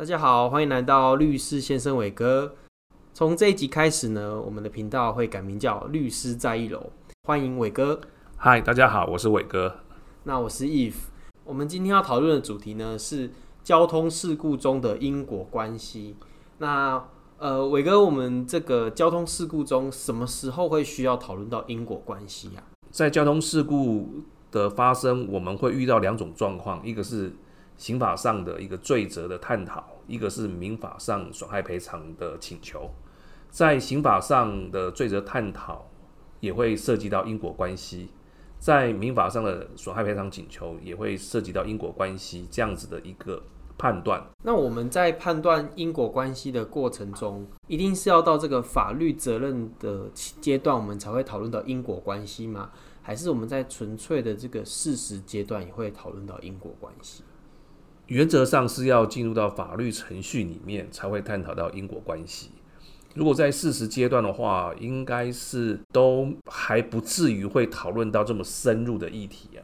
大家好，歡迎來到律師先生偉哥。從這一集開始呢，我們的頻道會改名叫律師在一樓。歡迎偉哥。Hi，大家好，我是偉哥。那我是 Eve。我們今天要討論的主題呢是交通事故中的因果關係。那呃，偉哥，我們這個交通事故中什麼時候會需要討論到因果關係啊？在交通事故的發生，我們會遇到兩種狀況，一個是，刑法上的一個罪責的探討，一個是民法上損害賠償的請求，在刑法上的罪責探討也會涉及到因果關係，在民法上的損害賠償請求也會涉及到因果關係這樣子的一個判斷。那我們在判斷因果關係的過程中，一定是要到這個法律責任的階段，我們才會討論到因果關係嗎？還是我們在純粹的這個事實階段也會討論到因果關係？原則上是要進入到法律程序裡面才會探討到因果關係。如果在事實階段的話，應該是都還不至於會討論到這麼深入的議題啊。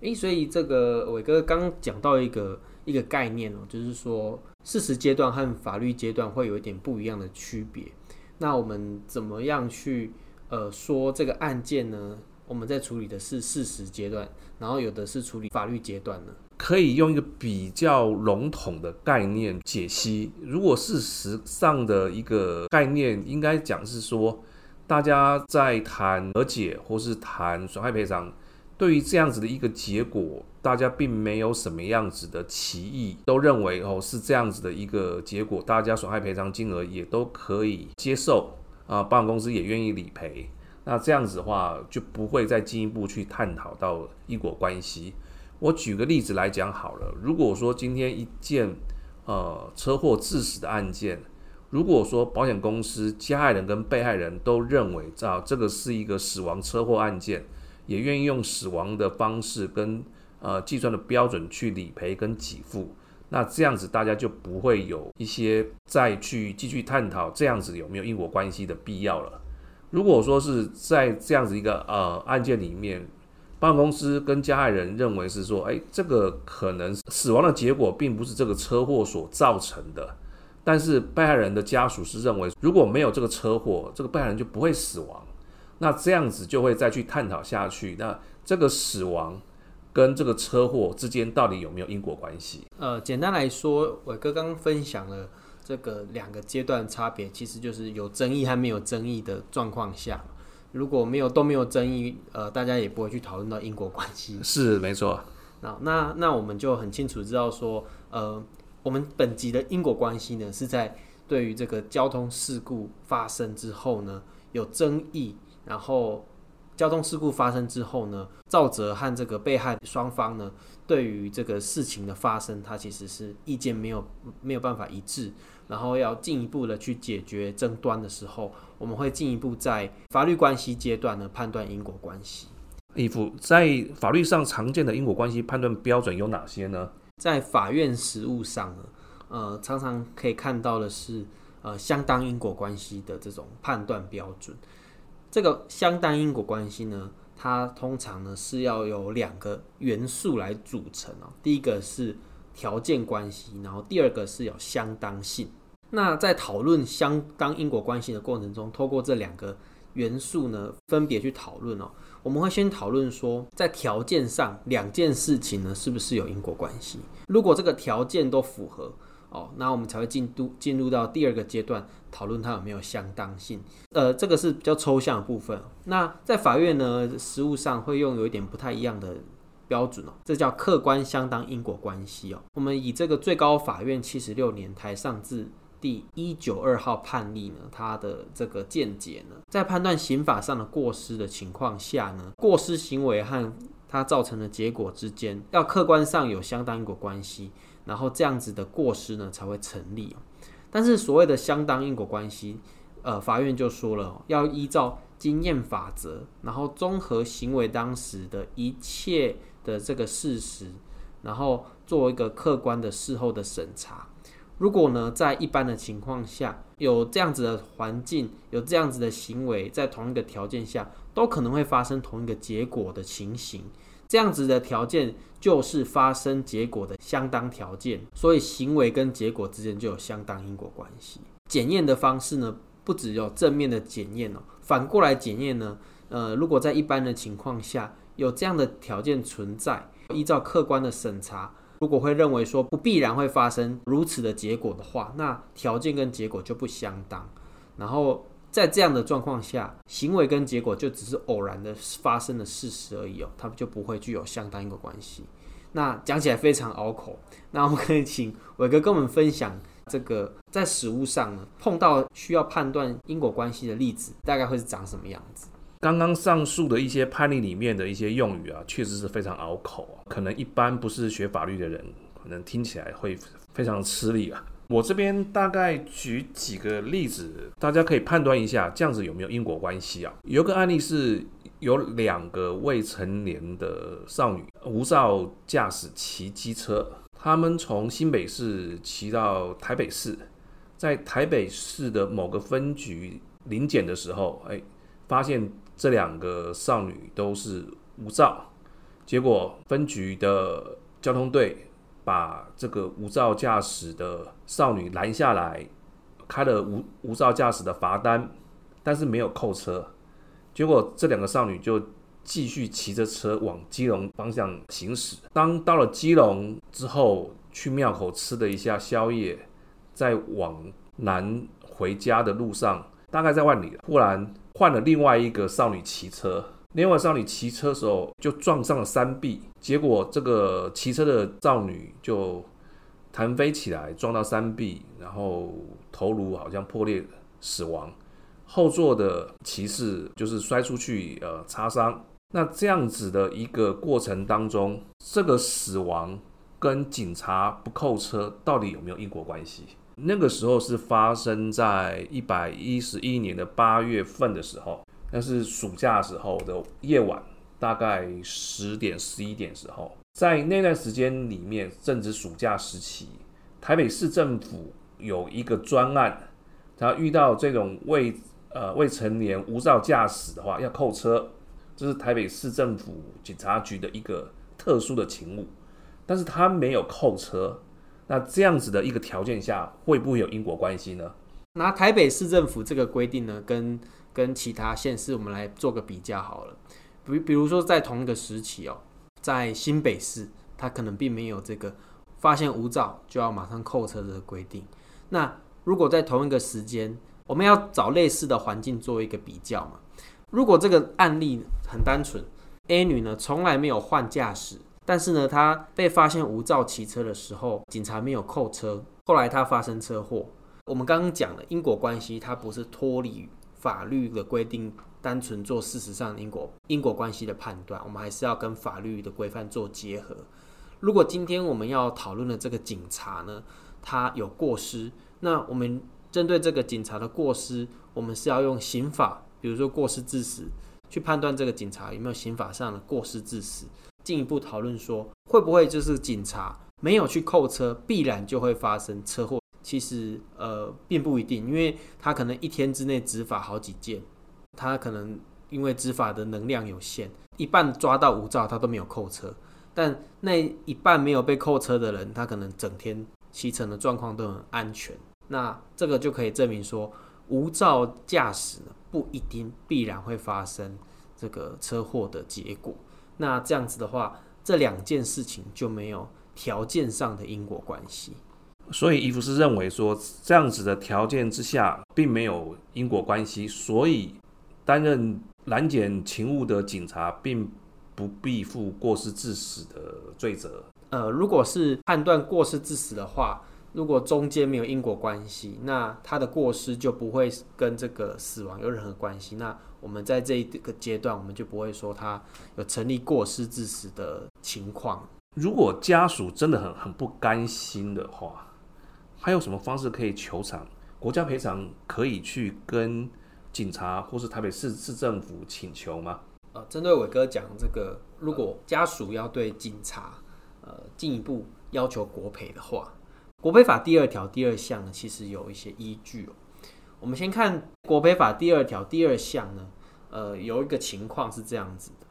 誒，所以這個瑋哥剛講到一個一個概念哦，就是說事實階段和法律階段會有一點不一樣的區別。那我們怎麼樣去呃說這個案件呢？我們在處理的是事實階段，然後有的是處理法律階段呢？可以用一個比較籠統的概念解析。如果事實上的一個概念，應該講是說，大家在談和解或是談損害賠償，對於這樣子的一個結果，大家並沒有什麼樣子的歧義，都認為哦是這樣子的一個結果，大家損害賠償金額也都可以接受啊，保險公司也願意理賠。那這樣子的話，就不會再進一步去探討到因果關係。我舉個例子來講好了，如果說今天一件，呃，車禍致死的案件，如果說保險公司加害人，跟被害人都認為啊，這個是一個死亡車禍案件，也願意用死亡的方式跟呃計算的標準去理賠跟給付，那這樣子大家就不會有一些再去繼續探討這樣子有沒有因果關係的必要了。如果說是在這樣子一個呃案件裡面。保險公司跟加害人認為是說，誒，這個可能死亡的結果並不是這個車禍所造成的。但是被害人的家屬是認為，如果沒有這個車禍，這個被害人就不會死亡。那這樣子就會再去探討下去，那這個死亡跟這個車禍之間到底有沒有因果關係？呃，簡單來說，偉哥剛剛分享了這個兩個階段的差別，其實就是有爭議和沒有爭議的狀況下。如果沒有都沒有爭議，呃，大家也不會去討論到因果關係。是沒錯。那那那我們就很清楚知道說，呃，我們本集的因果關係呢，是在對於這個交通事故發生之後呢，有爭議。然後交通事故發生之後呢，肇者、和這個被害雙方呢，對於這個事情的發生，他其實是意見沒有沒有辦法一致。然後要進一步的去解決爭端的時候，我們會進一步在法律關係階段呢判斷因果關係。李富，在法律上常見的因果關係判斷標準有哪些呢？在法院實務上呢，呃，常常可以看到的是，呃，相當因果關係的這種判斷標準。這個相當因果關係呢，它通常呢是要有兩個元素來組成哦。第一個是。條件關係，然後第二個是有相當性。那在討論相當因果關係的過程中，透過這兩個元素呢，分別去討論哦。我們會先討論說，在條件上兩件事情呢是不是有因果關係？如果這個條件都符合哦，那我們才會進度進入到第二個階段，討論它有沒有相當性。呃，這個是比較抽象的部分。那在法院呢，實務上會用有一點不太一樣的。標準哦，這叫客觀相當因果關係哦。我們以這個最高法院七十六年台上字第一九二號判例呢，它的這個見解呢，在判斷刑法上的過失的情況下呢，過失行為和它造成的結果之間要客觀上有相當因果關係，然後這樣子的過失呢才會成立。但是所謂的相當因果關係，呃，法院就說了，要依照經驗法則，然後綜合行為當時的一切，的這個事實，然後做一個客觀的事後的審查。如果呢，在一般的情況下，有這樣子的環境，有這樣子的行為，在同一個條件下，都可能會發生同一個結果的情形，這樣子的條件就是發生結果的相當條件，所以行為跟結果之間就有相當因果關係。檢驗的方式呢，不只有正面的檢驗哦，反過來檢驗呢，呃，如果在一般的情況下，有這樣的條件存在，依照客觀的審查，如果會認為說不必然會發生如此的結果的話，那條件跟結果就不相當。然後在這樣的狀況下，行為跟結果就只是偶然的發生的事實而已哦，他們就不會具有相當因果關係。那講起來非常拗口，那我們可以請瑋哥跟我們分享這個在實務上呢，碰到需要判斷因果關係的例子，大概會是長什麼樣子？剛剛上述的一些判例裡面的一些用語啊，確實是非常拗口啊，可能一般不是學法律的人，可能聽起來會非常吃力啊。我這邊大概舉幾個例子，大家可以判斷一下這樣子有沒有因果關係啊。有個案例是有兩個未成年的少女無照駕駛騎機車，他們從新北市騎到台北市，在台北市的某個分局臨檢的時候，哎，發現。這兩個少女都是無照，結果分局的交通隊把這個無照駕駛的少女攔下來，開了無無照駕駛的罰單，但是沒有扣車。結果這兩個少女就繼續騎着車往基隆方向行駛。當到了基隆之後，去廟口吃了一下宵夜，再往南回家的路上，大概在萬里，忽然。換了另外一個少女騎車，另外少女騎車的時候就撞上了山壁，結果這個騎車的少女就彈飛起來撞到山壁，然後頭顱好像破裂死亡，後座的騎士就是摔出去呃擦傷。那這樣子的一個過程當中，這個死亡跟警察不扣車到底有沒有因果關係？那個時候是發生在一百一十一年的八月份的時候，那是暑假時候的夜晚，大概十點十一點的時候，在那段時間裡面，正值暑假時期，台北市政府有一個專案，他遇到這種未呃未成年無照駕駛的話要扣車，這是台北市政府警察局的一個特殊的勤務，但是他沒有扣車。那這樣子的一個條件下，會不會有因果關係呢？那台北市政府這個規定呢，跟跟其他縣市我們來做個比較好了。比如比如說在同一個時期哦，在新北市，他可能並沒有這個發現無照就要馬上扣車的規定。那如果在同一個時間，我們要找類似的環境做一個比較嘛。如果這個案例很單純，A 女呢，從來沒有換駕駛。但是呢，他被發現無照騎車的時候，警察沒有扣車。後來他發生車禍，我們剛剛講了因果關係，它不是脫離法律的規定，單純做事實上的因果因果關係的判斷。我們還是要跟法律的規範做結合。如果今天我們要討論的這個警察呢，他有過失，那我們針對這個警察的過失，我們是要用刑法，比如說過失致死，去判斷這個警察有沒有刑法上的過失致死。進一步討論說，會不會就是警察沒有去扣車，必然就會發生車禍？其實呃，並不一定，因為他可能一天之內執法好幾件，他可能因為執法的能量有限，一半抓到無照他都沒有扣車，但那一半沒有被扣車的人，他可能整天騎乘的狀況都很安全。那這個就可以證明說，無照駕駛不一定必然會發生這個車禍的結果。那這樣子的話，這兩件事情就沒有條件上的因果關係。所以伊夫斯認為說，這樣子的條件之下，並沒有因果關係，所以擔任攔檢勤務的警察並不必負過失致死的罪責。呃，如果是判斷過失致死的話，如果中間沒有因果關係，那他的過失就不會跟這個死亡有任何關係。那我們在這個階段，我們就不會說他有成立過失致死的情況。如果家屬真的很很不甘心的話，還有什麼方式可以求償？國家賠償可以去跟警察或是台北市市政府請求嗎？呃，針對偉哥講這個，如果家屬要對警察呃進一步要求國賠的話，國賠法第二條第二項呢，其實有一些依據哦。我們先看國賠法第二條第二項呢，呃，有一個情況是這樣子的：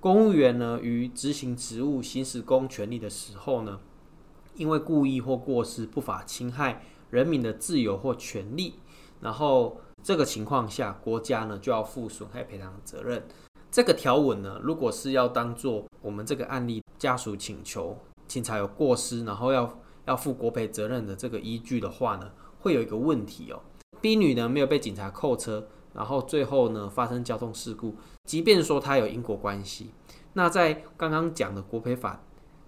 公務員呢，於執行職務行使公權力的時候呢，因為故意或過失不法侵害人民的自由或權利，然後這個情況下，國家呢就要負損害賠償責任。這個條文呢，如果是要當作我們這個案例家屬請求警察有過失，然後要要負國賠責任的這個依據的話呢，會有一個問題哦。B 女呢沒有被警察扣車，然後最後呢發生交通事故，即便說她有因果關係，那在剛剛講的國賠法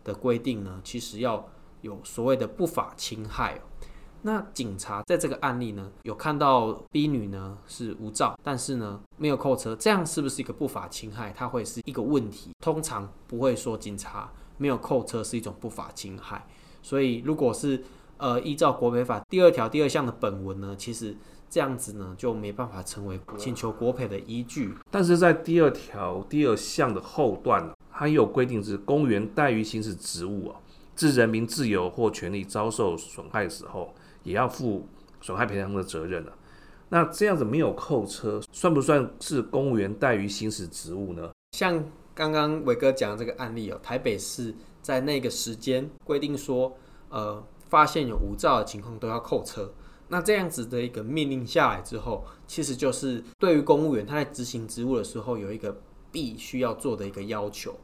的規定呢，其實要有所謂的不法侵害。那警察在這個案例呢，有看到 B 女呢是無照，但是呢沒有扣車，這樣是不是一個不法侵害？它會是一個問題。通常不會說警察沒有扣車是一種不法侵害，所以如果是。呃，依照國賠法第二條第二項的本文呢，其實這樣子呢就沒辦法成為請求國賠的依據。但是在第二條第二項的後段、啊，它有規定是公務員怠於行使職務哦、啊，致人民自由或權利遭受損害的時候，也要負損害賠償的責任了、啊。那這樣子沒有扣車，算不算是公務員怠於行使職務呢？像剛剛瑋哥講的這個案例哦、啊，台北市在那個時間規定說，呃。發現有無照的情況都要扣車。那這樣子的一個命令下來之後，其實就是對於公務員他在執行職務的時候有一個必須要做的一個要求。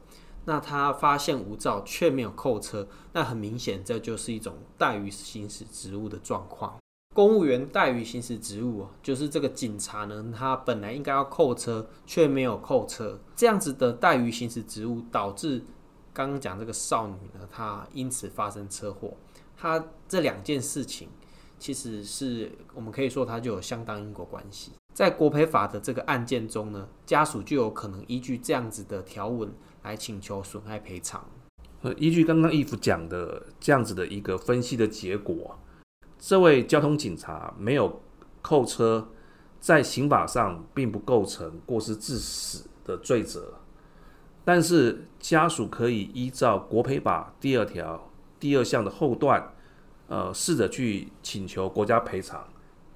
那他發現無照卻沒有扣車，那很明顯這就是一種怠於行使職務的狀況。公務員怠於行使職務，就是這個警察呢，他本來應該要扣車卻沒有扣車，這樣子的怠於行使職務，導致剛剛講這個少女呢，她因此發生車禍。他這兩件事情，其實是我們可以說，他就有相當因果關係。在國賠法的這個案件中呢，家屬就有可能依據這樣子的條文來請求損害賠償。呃，依據剛剛義父講的這樣子的一個分析的結果，這位交通警察沒有扣車，在刑法上並不構成過失致死的罪責，但是家屬可以依照國賠法第二條。第二項的後段，呃，試着去請求國家賠償，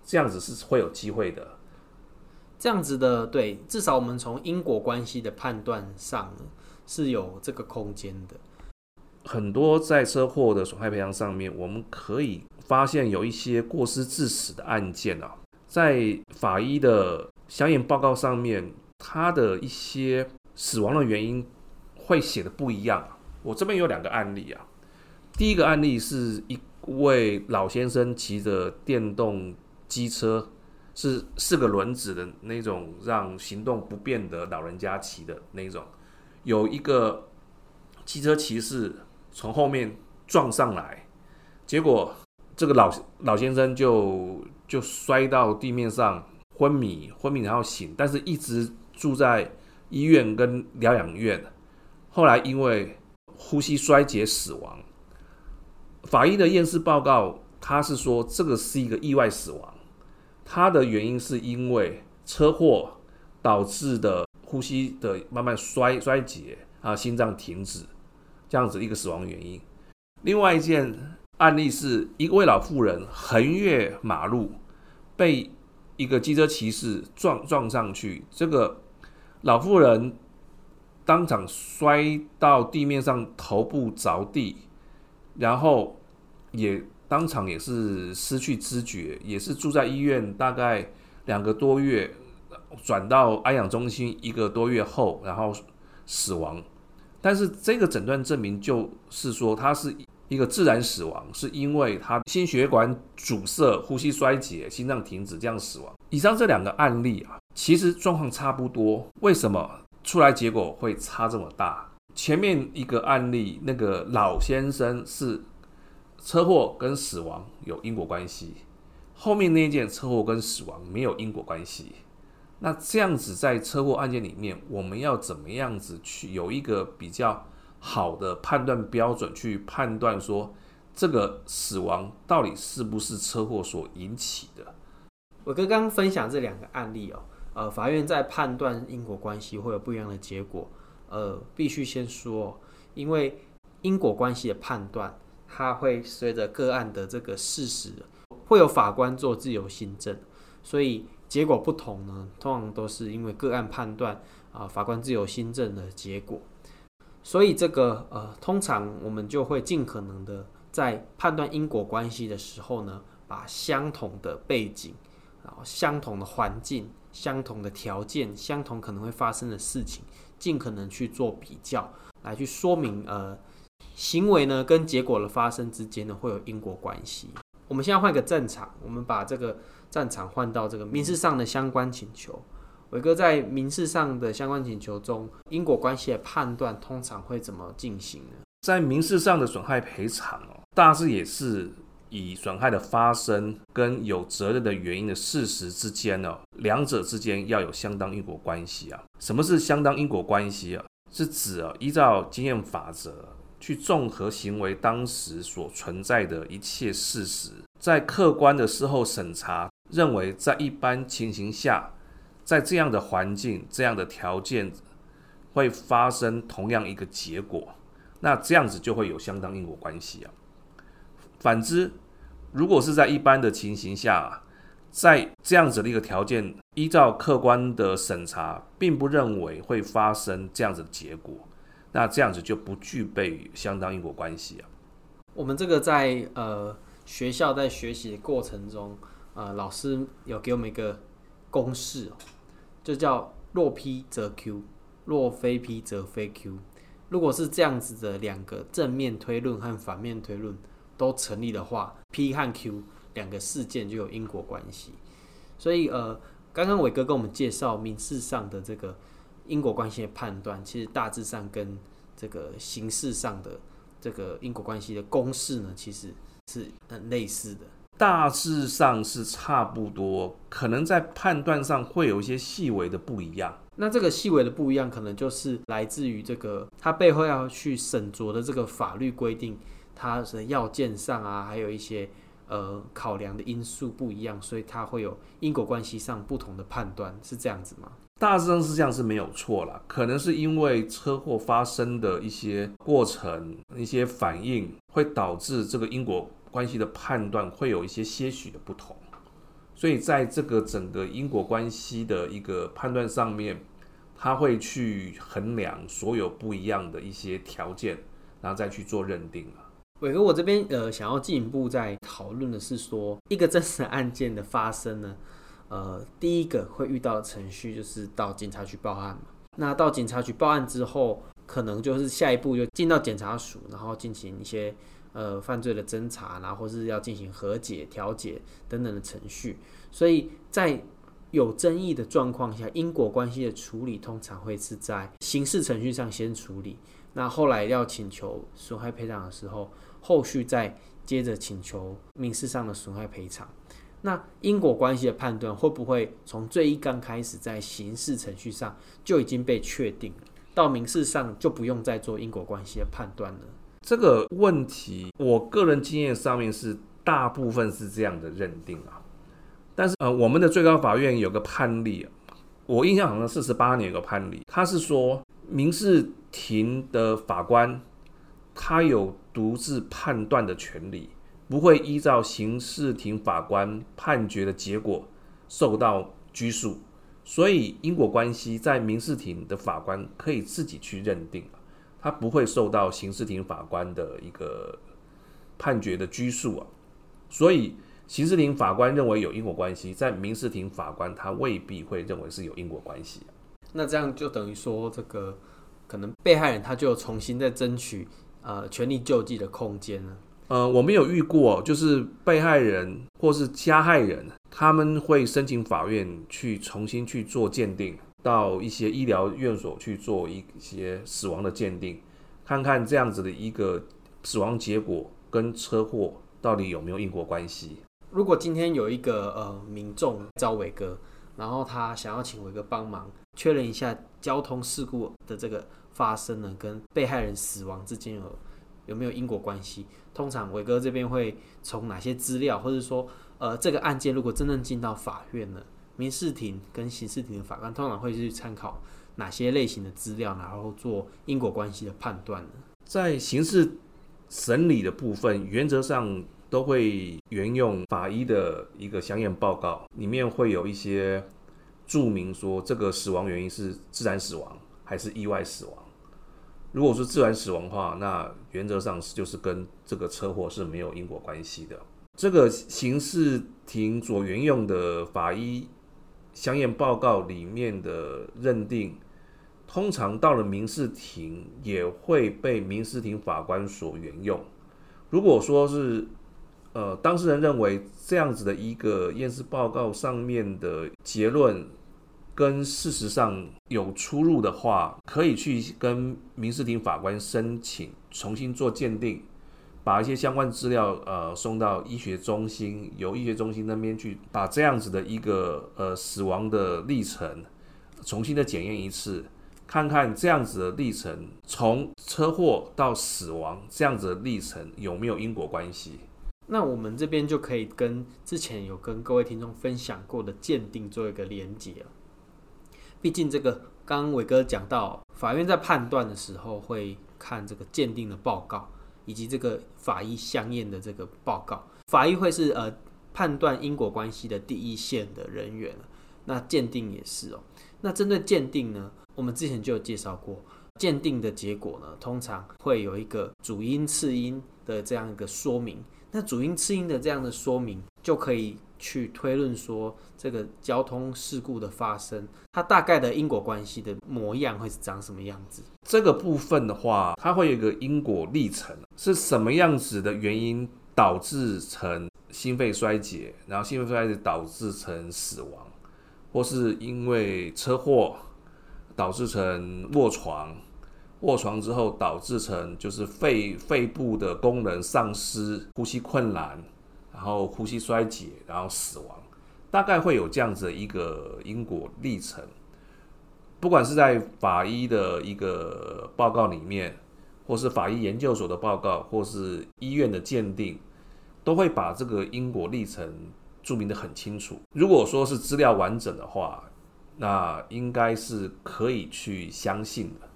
這樣子是會有機會的。這樣子的，對，至少我們從因果關係的判斷上是有這個空間的。很多在車禍的損害賠償上面，我們可以發現有一些過失致死的案件啊，在法醫的相驗報告上面，他的一些死亡的原因會寫得不一樣啊。我這邊有兩個案例啊。第一個案例是一位老先生騎着電動機車，是四個輪子的那種，讓行動不便的老人家騎的那種。有一個機車騎士從後面撞上來，結果這個老老先生就就摔到地面上昏迷，昏迷然後醒，但是一直住在醫院跟療養院，後來因為呼吸衰竭死亡。法醫的驗屍報告，他是說這個是一個意外死亡，它的原因是因為車禍導致的呼吸的慢慢衰衰竭啊，心臟停止這樣子一個死亡原因。另外一件案例是一個位老婦人橫越馬路，被一個機車騎士撞撞上去，這個老婦人當場摔到地面上，頭部着地，然後。也當場也是失去知覺，也是住在醫院大概兩個多月，轉到安養中心一個多月後，然後死亡。但是這個診斷證明就是說，他是一個自然死亡，是因為他心血管阻塞、呼吸衰竭、心臟停止這樣死亡。以上這兩個案例啊，其實狀況差不多，為什麼出來結果會差這麼大？前面一個案例，那個老先生是。車禍跟死亡有因果關係，後面那件車禍跟死亡沒有因果關係。那這樣子在車禍案件裡面，我們要怎麼樣子去有一個比較好的判斷標準，去判斷說這個死亡到底是不是車禍所引起的？我剛剛分享這兩個案例哦，呃，法院在判斷因果關係會有不一樣的結果。呃，必須先說，因為因果關係的判斷。他會隨着個案的這個事實，會有法官做自由心證，所以結果不同呢，通常都是因為個案判斷啊、呃，法官自由心證的結果。所以這個呃，通常我們就會盡可能的在判斷因果關係的時候呢，把相同的背景，然後相同的環境、相同的條件、相同可能會發生的事情，盡可能去做比較，來去說明呃。行為呢跟結果的發生之間呢會有因果關係。我們現在換個戰場，我們把這個戰場換到這個民事上的相關請求。瑋哥在民事上的相關請求中，因果關係的判斷通常會怎麼進行呢？在民事上的損害賠償哦，大致也是以損害的發生跟有責任的原因的事實之間呢，兩者之間要有相當因果關係啊。什麼是相當因果關係啊？是指啊，依照經驗法則。去綜合行為當時所存在的一切事實，在客觀的事後審查，認為在一般情形下，在這樣的環境、這樣的條件會發生同樣一個結果，那這樣子就會有相當因果關係啊。反之，如果是在一般的情形下、啊，在這樣子的一個條件，依照客觀的審查，並不認為會發生這樣子的結果。那這樣子就不具備相當因果關係啊。我們這個在呃學校在學習的過程中，呃老師有給我們一個公式哦，就叫若 p 則 q，若非 p 則非 q。如果是這樣子的兩個正面推論和反面推論都成立的話，p 和 q 兩個事件就有因果關係。所以呃，剛剛瑋哥跟我們介紹民事上的這個。因果關係的判斷，其實大致上跟這個形式上的這個因果關係的公式呢，其實是很類似的。大致上是差不多，可能在判斷上會有一些細微的不一樣。那這個細微的不一樣，可能就是來自於這個它背後要去審酌的這個法律規定它的要件上啊，還有一些呃考量的因素不一樣，所以它會有因果關係上不同的判斷，是這樣子嗎？大致上是這樣是沒有錯啦，可能是因為車禍發生的一些過程、一些反應，會導致這個因果關係的判斷會有一些些許的不同。所以在這個整個因果關係的一個判斷上面，他會去衡量所有不一樣的一些條件，然後再去做認定。瑋哥，我這邊呃想要進一步再討論的是說，一個真實的案件的發生呢？呃，第一個會遇到的程序就是到警察局報案嘛。那到警察局報案之後，可能就是下一步就進到檢察署，然後進行一些呃犯罪的偵查，然後是要進行和解、調解等等的程序。所以在有爭議的狀況下，因果關係的處理通常會是在刑事程序上先處理，那後來要請求損害賠償的時候，後續再接着請求民事上的損害賠償。那因果關係的判斷會不會從最一剛開始在刑事程序上就已經被確定到民事上就不用再做因果關係的判斷了？這個問題，我個人經驗上面是大部分是這樣的認定啊。但是呃，我們的最高法院有個判例，我印象好像四十八年有個判例，他是說民事庭的法官他有獨自判斷的權利。不會依照刑事庭法官判決的結果受到拘束，所以因果關係在民事庭的法官可以自己去認定。他不會受到刑事庭法官的一個判決的拘束啊。所以刑事庭法官認為有因果關係，在民事庭法官他未必會認為是有因果關係啊。那這樣就等於說，這個可能被害人他就重新再爭取呃、啊、權利救濟的空間呢。呃，我們有遇過，就是被害人或是加害人，他們會申請法院去重新去做鑑定，到一些醫療院所去做一些死亡的鑑定，看看這樣子的一個死亡結果跟車禍到底有沒有因果關係。如果今天有一個呃民眾找瑋哥，然後他想要請瑋哥幫忙確認一下交通事故的這個發生呢，跟被害人死亡之間有有沒有因果關係？通常瑋哥這邊會從哪些資料，或者說，呃，這個案件如果真正進到法院呢，民事庭跟刑事庭的法官通常會去參考哪些類型的資料，然後做因果關係的判斷呢？在刑事審理的部分，原則上都會沿用法醫的一個相驗報告，裡面會有一些註明說，這個死亡原因是自然死亡還是意外死亡。如果是自然死亡的話，那原則上是就是跟這個車禍是沒有因果關係的。這個刑事庭所援用的法醫相驗報告裡面的認定，通常到了民事庭也會被民事庭法官所援用。如果說是呃當事人認為這樣子的一個驗屍報告上面的結論。跟事實上有出入的話，可以去跟民事庭法官申請重新做鑑定，把一些相關資料呃送到醫學中心，由醫學中心那邊去把這樣子的一個呃死亡的歷程重新的檢驗一次，看看這樣子的歷程，從車禍到死亡這樣子的歷程有沒有因果關係。那我們這邊就可以跟之前有跟各位聽眾分享過的鑑定做一個連結。了。畢竟這個，剛剛瑋哥講到，法院在判斷的時候會看這個鑑定的報告，以及這個法醫相驗的這個報告。法醫會是呃判斷因果關係的第一線的人員，那鑑定也是哦。那針對鑑定呢，我們之前就有介紹過，鑑定的結果呢，通常會有一個主因、次因的這樣一個說明。那主因、次因的這樣的說明，就可以。去推論說這個交通事故的發生，它大概的因果關係的模樣會是長什麼樣子？這個部分的話，它會有一個因果歷程，是什麼樣子的原因導致成心肺衰竭，然後心肺衰竭導致成死亡，或是因為車禍導致成臥床，臥床之後導致成就是肺肺部的功能喪失，呼吸困難。然後呼吸衰竭，然後死亡，大概會有這樣子的一個因果歷程。不管是在法醫的一個報告裡面，或是法醫研究所的報告，或是醫院的鑑定，都會把這個因果歷程注明的很清楚。如果說是資料完整的話，那應該是可以去相信的。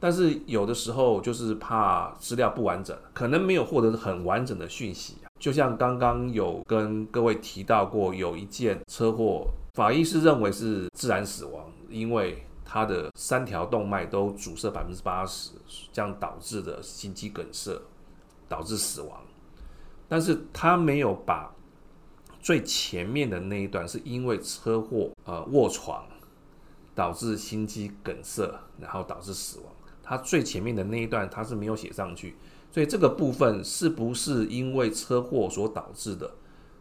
但是有的時候就是怕資料不完整，可能沒有獲得很完整的訊息。就像剛剛有跟各位提到過，有一件車禍，法醫是認為是自然死亡，因為他的三條動脈都阻塞百分之八十，這樣導致的心肌梗塞導致死亡。但是他沒有把最前面的那一段是因為車禍呃臥床導致心肌梗塞，然後導致死亡。他最前面的那一段他是沒有寫上去。所以這個部分是不是因為車禍所導致的，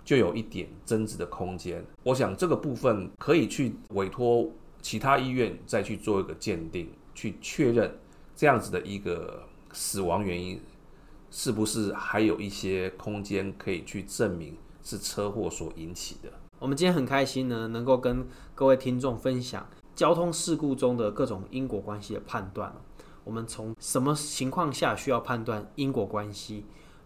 就有一點爭執的空間。我想這個部分可以去委托其他醫院再去做一個鑑定，去確認這樣子的一個死亡原因，是不是還有一些空間可以去證明是車禍所引起的。我們今天很開心呢，能夠跟各位聽眾分享交通事故中的各種因果關係的判斷。我們從什麼情況下需要判斷因果關係？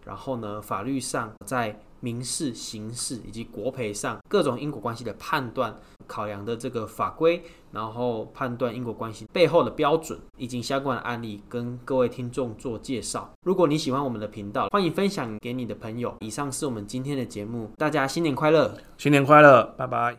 然後呢，法律上在民事、刑事以及國賠上各種因果關係的判斷，考量的這個法規，然後判斷因果關係背後的標準以及相關的案例，跟各位聽眾做介紹。如果你喜歡我們的頻道，歡迎分享給你的朋友。以上是我們今天的節目，大家新年快樂！新年快樂！拜拜。